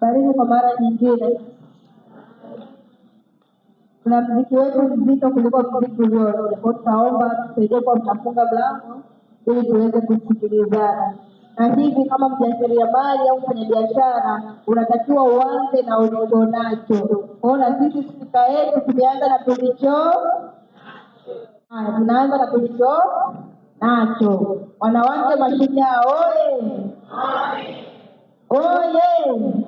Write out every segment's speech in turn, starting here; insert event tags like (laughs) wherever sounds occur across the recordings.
Karibu kwa mara nyingine. Tuna mziki wetu mzito kuliko mziki wote, kwa tutaomba tusaidie kwa mtafunga mlango ili tuweze kusikilizana. Na hivi kama mjasiriamali au biashara unatakiwa uanze na udogo nacho. Ona sisi spika yetu tumeanza na tulicho haya, tunaanza na tulicho nacho. Wanawake mashujaa oye! Oye!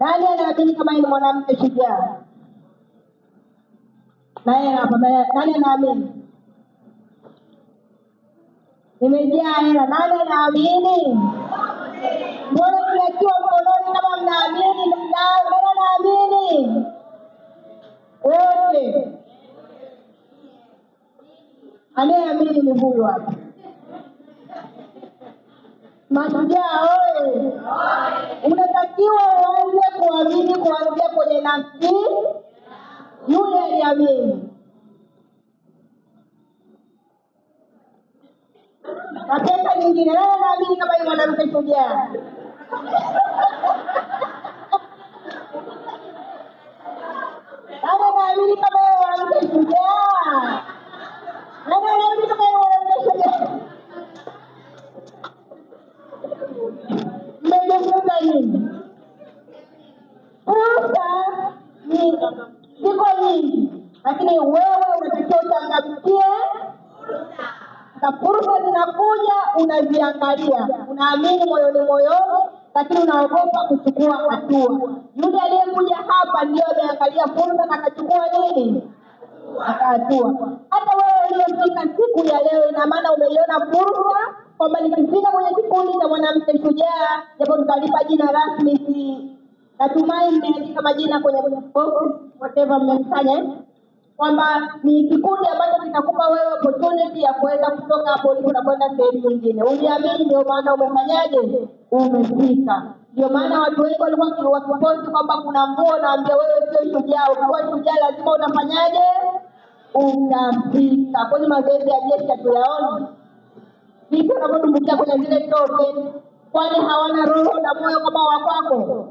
Nani anaamini kama yeye ni mwanamke shujaa? Naye nani anaamini? Nimejaa hela, nani anaamini? Mbona tunakiwa mkononi kama mnaamini? Mbona naamini Wote. Anayeamini ni huyu hapa. Mashujaa oye! Unatakiwa uanze kuamini kuanzia kwenye nafsi. Yule aliamini. Na pesa nyingine, naye anaamini kama ni mwanamke shujaa. unaamini moyoni moyoni, lakini unaogopa kuchukua hatua. Yule aliyekuja hapa ndio ameangalia fursa na akachukua nini, akahatua. Hata wewe uliyofika siku ya leo, ina maana umeiona fursa kwamba nikifika kwenye kikundi cha mwanamke shujaa, japo tutalipa jina rasmi, si natumai mmeandika majina kwenye whatever mmefanya kwamba ni kikundi ambacho kitakupa wewe opportunity ya kuweza kutoka hapo ulipo na kwenda sehemu nyingine. Uliamini, ndio maana umefanyaje? Umefika. Ndio maana watu wengi walikuwa wakiposti kwamba kuna mvua, naambia wewe sio shujaa. Ukiwa shujaa lazima unafanyaje? Utapita. Kwenye mazoezi ya jeshi hatuyaoni vipi wanavyotumbukia kwenye zile tope, kwani hawana roho na moyo kama wakwako?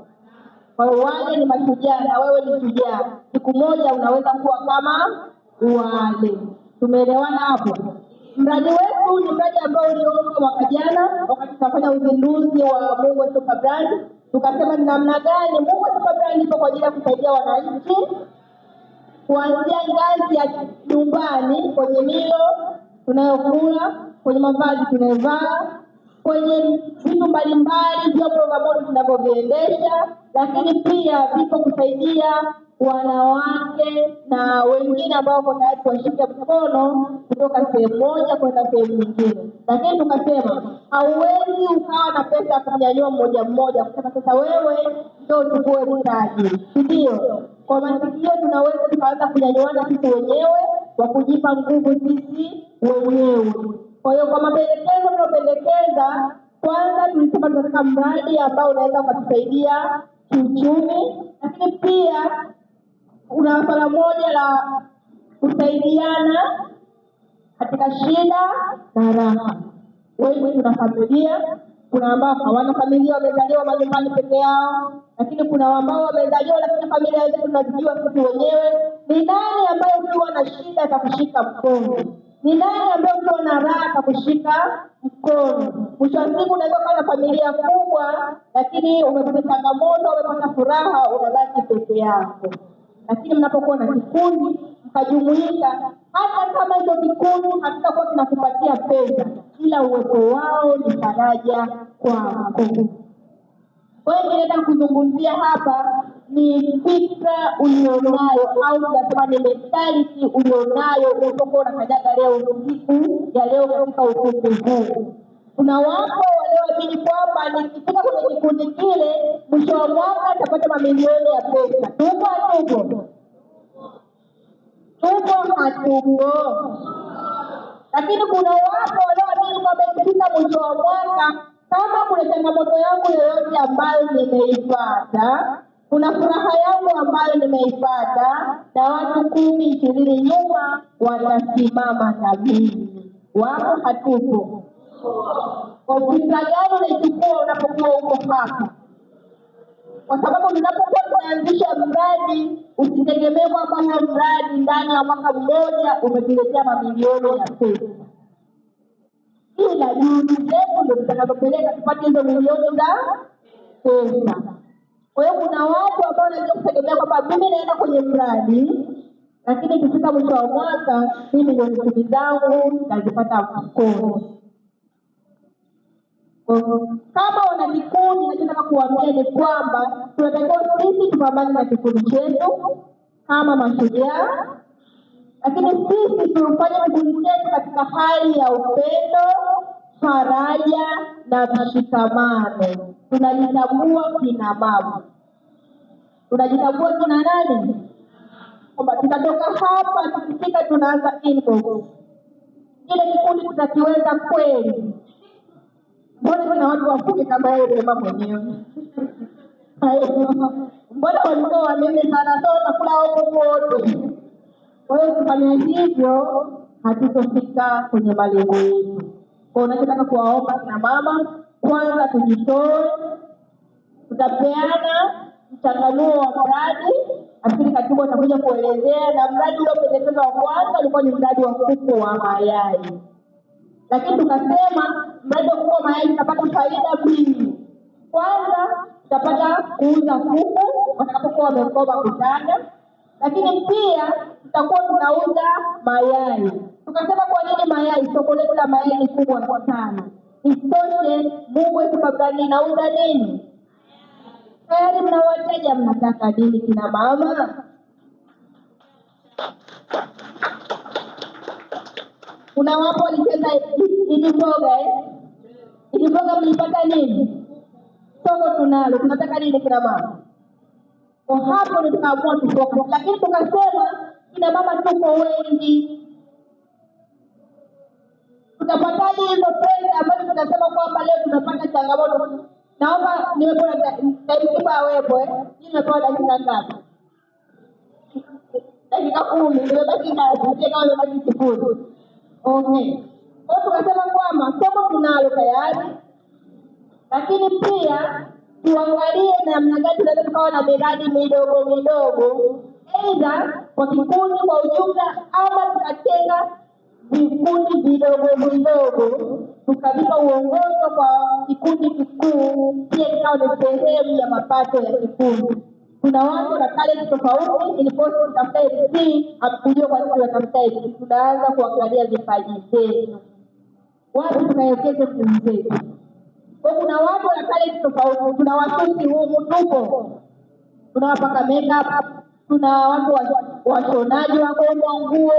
Kwa hiyo wale ni mashujaa na wewe ni shujaa, siku moja unaweza kuwa kama wale. Tumeelewana hapo? Mradi wetu ni mradi ambao ulioanza mwaka jana, wakati tunafanya uzinduzi wa Mungwe Super Brand. Tukasema ni namna gani Mungwe Super Brand ipo kwa ajili ya kusaidia wananchi kuanzia ngazi ya nyumbani, kwenye milo tunayokula, kwenye mavazi tunayovaa, kwenye vitu mbalimbali, vyombo vya moto tunavyoviendesha lakini pia viko kusaidia wanawake na wengine ambao wako tayari kuwashika mkono kutoka sehemu moja kwenda sehemu nyingine. Lakini tukasema hauwezi ukawa na pesa ya kumnyanyua mmoja mmoja, kusema sasa wewe ndio uchukue mtaji, ndio kwa masikio tunaweza tukaanza kunyanyuana sisi wenyewe kwa kujipa nguvu sisi wenyewe. Kwa hiyo kwa mapendekezo tunaopendekeza, kwanza tulisema tunataka mradi ambao unaweza ukatusaidia kiuchumi, lakini pia kuna swala moja la kusaidiana katika shida na raha. Wengi tuna familia, kuna ambao hawana familia, wamezaliwa majumbani peke yao, lakini kuna ambao wamezaliwa, lakini familia zetu tunazijua sisi wenyewe. Ni nani ambaye ukiwa na shida za kushika mkongo ni nani ambaye ukiwa na raha kushika mkono? Mwisho wa siku unaweza kuwa na familia kubwa, lakini umepata changamoto, umepata furaha, unabaki peke yako. Lakini mnapokuwa na kikundi mkajumuika, hata kama hicho kikundi hakitakuwa kinakupatia pesa, ila uwepo wao ni faraja kwako. Kwa hiyo ningetaka kuzungumzia hapa ni fikra ulionayo au tunasema ni mentality ulionayo ulipokuwa unakanyaga leo siku ya leo katika ukumbi huu. Kuna wako walioamini kwamba nikifika kwenye kikundi kile, mwisho wa mwaka nitapata mamilioni ya pesa. Tupo hatupo? Tupo hatupo? Lakini kuna wako walioamini kwamba ikifika mwisho wa mwaka kama kuna changamoto yangu yoyote ambayo nimeipata, kuna furaha yangu ambayo nimeipata, na watu kumi ishirini nyuma watasimama na mimi. Wako hatupo. Ofisa gani unaichukua unapokuwa huko hapa? Kwa sababu ninapokuwa kuanzisha mradi, usitegemee kwamba huo mradi ndani ya mwaka mmoja umetuletea mamilioni ya pesa ila juhudi zetu ndio zitakazopeleka tupate hizo milioni za pesa. Kwa hiyo kuna watu ambao wanaweza kutegemea kwamba mimi naenda kwenye mradi, lakini ikifika mwisho wa mwaka mimi milioni kumi zangu nazipata mfukoni. Kama wana vikundi, nachotaka kuambia ni kwamba tunatakiwa sisi tupambane na kikundi chetu kama mashujaa, lakini sisi tufanye kikundi chetu katika hali ya upendo faraja na mshikamano. Tunajitambua kina mama, tunajitambua kina nani, kwamba tutatoka hapa tukifika, tunaanza inbox ile kikundi tutakiweza kweli? Mbona kuna watu wafupi kama wewe mama mwenyewe (laughs) mbona walikuwa wanene sana, so takula wako wote. Kwa hiyo kufanya hivyo hatutofika kwenye malengo yetu. Kwa unachotaka kuwaomba kina mama, kwanza tujitoe, tutapeana mchanganuo wa mradi. lakini katibu atakuja kuelezea, na mradi uliopendekezwa wa kwanza ulikuwa ni mradi wa kuku wa mayai, lakini tukasema mradi wa kuku wa mayai tutapata faida mbili. Kwanza tutapata kuuza kuku watakapokuwa wamekoma kutaga, lakini pia tutakuwa tunauza mayai. Tukasema Tanzania ni soko letu la mayai kubwa sana. Isitoshe, Mungu wetu nauza nini? Tayari mna wateja, mnataka nini kina mama? Kuna wapo walicheza mboga eh? mboga mlipata nini? Soko tunalo, tunataka nini kina mama? Kwa hapo ndio tukaamua tufoka, lakini tukasema kina mama tuko wengi tutapataje hizo pesa ambazo tunasema kwamba leo tunapata changamoto? Naomba niwepo taimkipa wepo, eh? Nimepewa dakika ngapi? Dakika kumi, nimebaki ngapi? Kama imebaki sifuri. Okay, kwa tukasema kwamba soko tunalo tayari, lakini pia tuangalie namna gani tunaweza tukawa na miradi midogo midogo, aidha kwa kikundi kwa ujumla, ama tukatenga vikundi vidogo vidogo, tukavipa uongozo kwa kikundi kikuu. Pia ikawa ni sehemu ya mapato ya kikundi. Kuna watu na talenti tofauti, ilipoti kutafuta MC hakujua kwa nini unatafuta MC. Tunaanza kuangalia vipaji vyenu, watu tunawekeze nguvu zetu. Kwa kuna watu na talenti tofauti, kuna wasusi humu tupo, tuna makeup, tuna watu washonaji wa nguo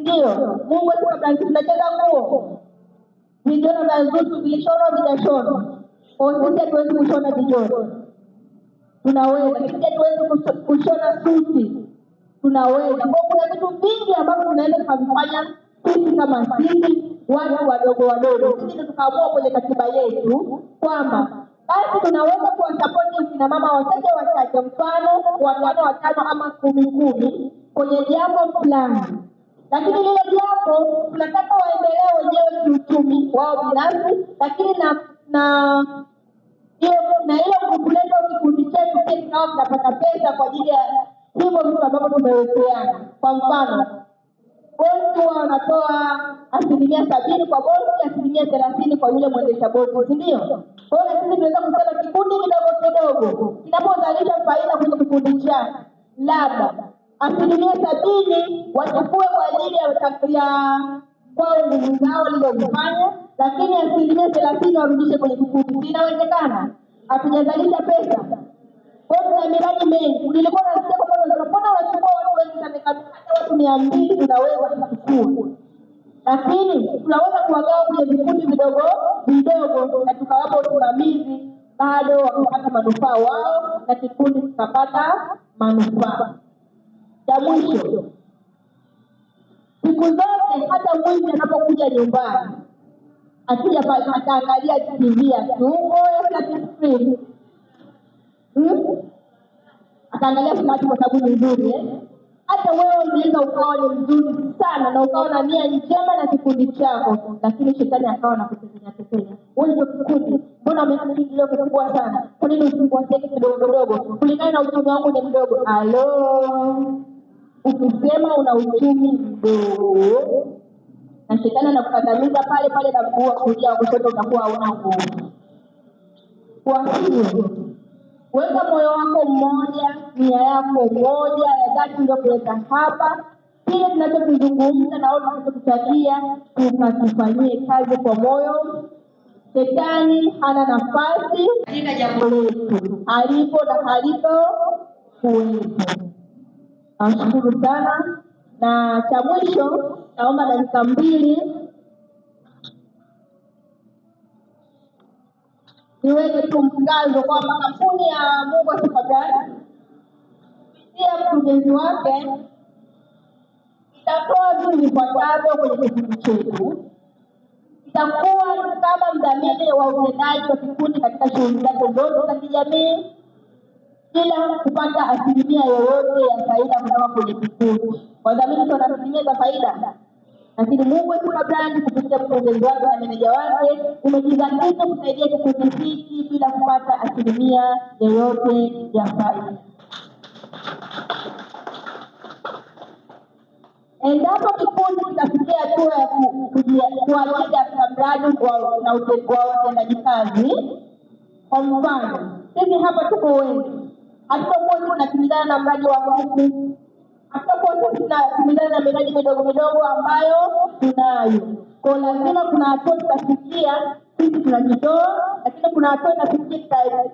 ndio Mungu alikuwa Brazil nguo, vijana vya zutu vilishona vijashona. Sisi hatuwezi kushona vijora, tunaweza. Sisi hatuwezi kushona suti, tunaweza. Kwa kuna vitu vingi ambavyo tunaweza tukavifanya sisi kama sisi watu wadogo wadogo, sisi tukaamua kwenye katiba yetu kwamba basi tunaweza kuwasapoti kina mama wachache wachache, mfano watano watano ama kumi kumi kwenye jambo fulani lakini lile jambo tunataka waendelee wenyewe kiuchumi wao binafsi, lakini na na na ile kukuleta kikundi chetu sisi nao tunapata pesa kwa ajili ya hivyo vitu ambavyo tumewekeana. Kwa mfano, bosi huwa wanatoa asilimia sabini kwa bosi, asilimia thelathini kwa yule mwendesha Bolt, si ndio? Kwa hiyo sisi tunaweza kusema kikundi kidogo kidogo kinapozalisha faida kwenye kikundi chake labda asilimia sabini wachukue kwa ajili ya kwao nguvu zao walizozifanya, lakini asilimia thelathini warudishe kwenye vikundi. Inawezekana, hatujazalisha pesa kwao, miradi mengi. Nilikuwa nasikia kwamba unachukua watu wengi sana, watu mia mbili tunaweza kuchukua lakini tunaweza kuwagawa kwenye vikundi vidogo vidogo na tukawapa usimamizi, bado wakupata manufaa wao na kikundi kikapata manufaa ya mwisho. Siku zote hata mwizi anapokuja nyumbani akija ataangalia TV yake hmm? ataangalia sinati kwa sababu ni nzuri eh? hata wewe unaweza ukawa ni mzuri sana na ukaona na nia njema na kikundi chako, lakini shetani akawa na kutekenya tekenya. Wewe kikundi, mbona umekingilio kikubwa sana? Kwa nini usiwaseke kidogo kidogo? Kulingana na ujumbe wangu ni mdogo. Alo, ukisema una uchumi mdogo na shetani anakukandamiza pale pale na mguu wa kulia kushoto utakuwa hauna nguvu. Kwa hiyo weka moyo wako mmoja, nia yako moja ya dhati uliokuweka hapa, kile tunachokizungumza na tunachokutajia tukakifanyie kazi kwa moyo. Shetani hana nafasi katika jambo letu, alipo na halipo kuwepo. Nashukuru sana, na cha mwisho naomba dakika mbili niweke tu mkazo kwamba kampuni ya Mungu Asipatani kupitia mkurugenzi wake itatoa tu vifuatavyo kwenye kikundi chetu. Itakuwa kama mdhamini wa utendaji wa kikundi katika shughuli zake zote za kijamii bila kupata asilimia yoyote ya faida kutoka kwenye kikundi. Wadhamini tuna asilimia za faida, lakini Mungwe Tuna Brand kupitia mkurugenzi wake na meneja wake umejizatiti kusaidia kikundi hiki bila kupata asilimia yoyote ya faida. Endapo kikundi kitafikia hatua ya kuajiri afisa mradi na watendaji kazi, kwa mfano sisi hapa tuko wengi hatutakuwa tu tunakimbizana na mradi wa kuku, hatutakuwa tu tunakimbizana na miradi midogo midogo ambayo tunayo kwa lazima kuna hatua tutafikia, sisi tunajitoa, lakini kuna hatua inafikia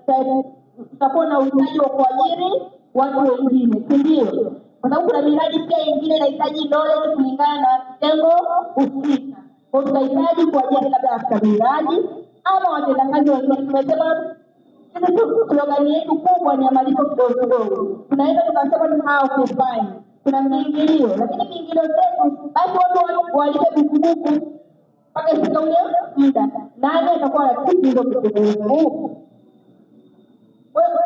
tutakuwa na uhitaji wa kuajiri watu wengine, si ndio? Kwa sababu kuna miradi pia ingine inahitaji knowledge kulingana na lengo husika, kwa tutahitaji kuajiri labda katika miradi ama watendakazi wengine. Tumesema Slogani yetu kubwa ni ya malipo kidogo kidogo, tunaweza tukasema tunaakufanya kuna miingilio, lakini miingilio zetu basi watu walipe bukubuku mpaka ifika ule muda, nani atakuwa rafiki hizo bukubuku?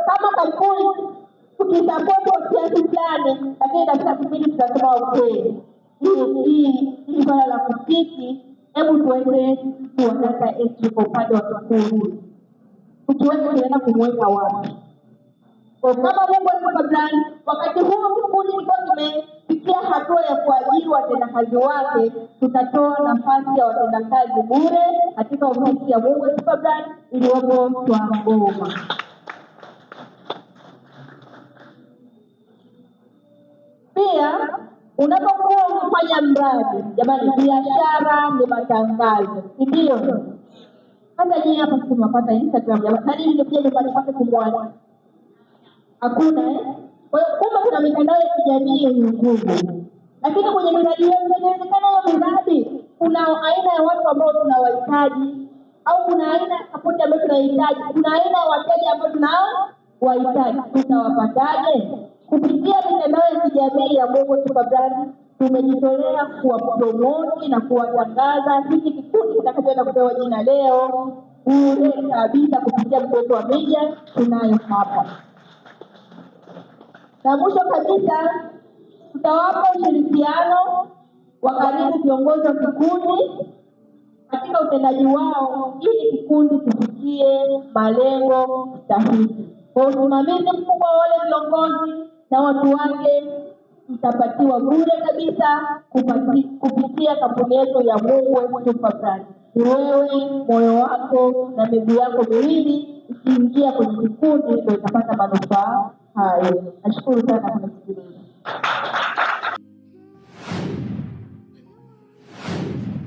Kama kampuni tukisapoti kwa kiasi fulani, lakini katika kipindi tutasema ukweli, hii ni swala la msikiti, hebu tuende kuwataka kwa upande wa kikuu mtu wetu kumweka wapi? Kwa kama Mungu alikuwa plani, wakati huo kikundi kilikuwa kimefikia hatua ya kuajiri watendakazi wake, tutatoa nafasi ya watendakazi bure katika ofisi ya Mungu alikuwa plani iliyopo Twangoma. Pia unapokuwa unafanya mradi, jamani, biashara ni matangazo, si ndio? hata nyie hapa sisi tunapata Instagram ya nani, nimekuja nyumbani kwake kumwona hakuna eh. Kwa hiyo kumbe kuna mitandao ya kijamii yenye nguvu, lakini kwenye miradi yetu inawezekana hiyo miradi kuna aina ya watu ambao tunawahitaji au kuna aina ya sapoti ambayo tunahitaji, kuna aina ya wateja ambao tunao wahitaji. Tutawapataje? Kupitia mitandao ya kijamii ya Bongo Super Brand tumejitolea kuwapromoti na kuwatangaza hiki kikundi kitakachoenda kupewa jina leo bure kabisa kupitia mtoto wa media tunayo hapa. Na mwisho kabisa, tutawapa ushirikiano wa karibu viongozi wa kikundi katika utendaji wao ili kikundi kifikie malengo stahiki. Kwa usimamizi mkubwa wa wale viongozi na watu wake itapatiwa bure kabisa kupitia kampuni yetu ya Mungwe Super Brand. Ni wewe moyo wako na miguu yako miwili ikiingia kwenye kikundi ndio itapata manufaa hayo. Nashukuru sana kwa kusikiliza.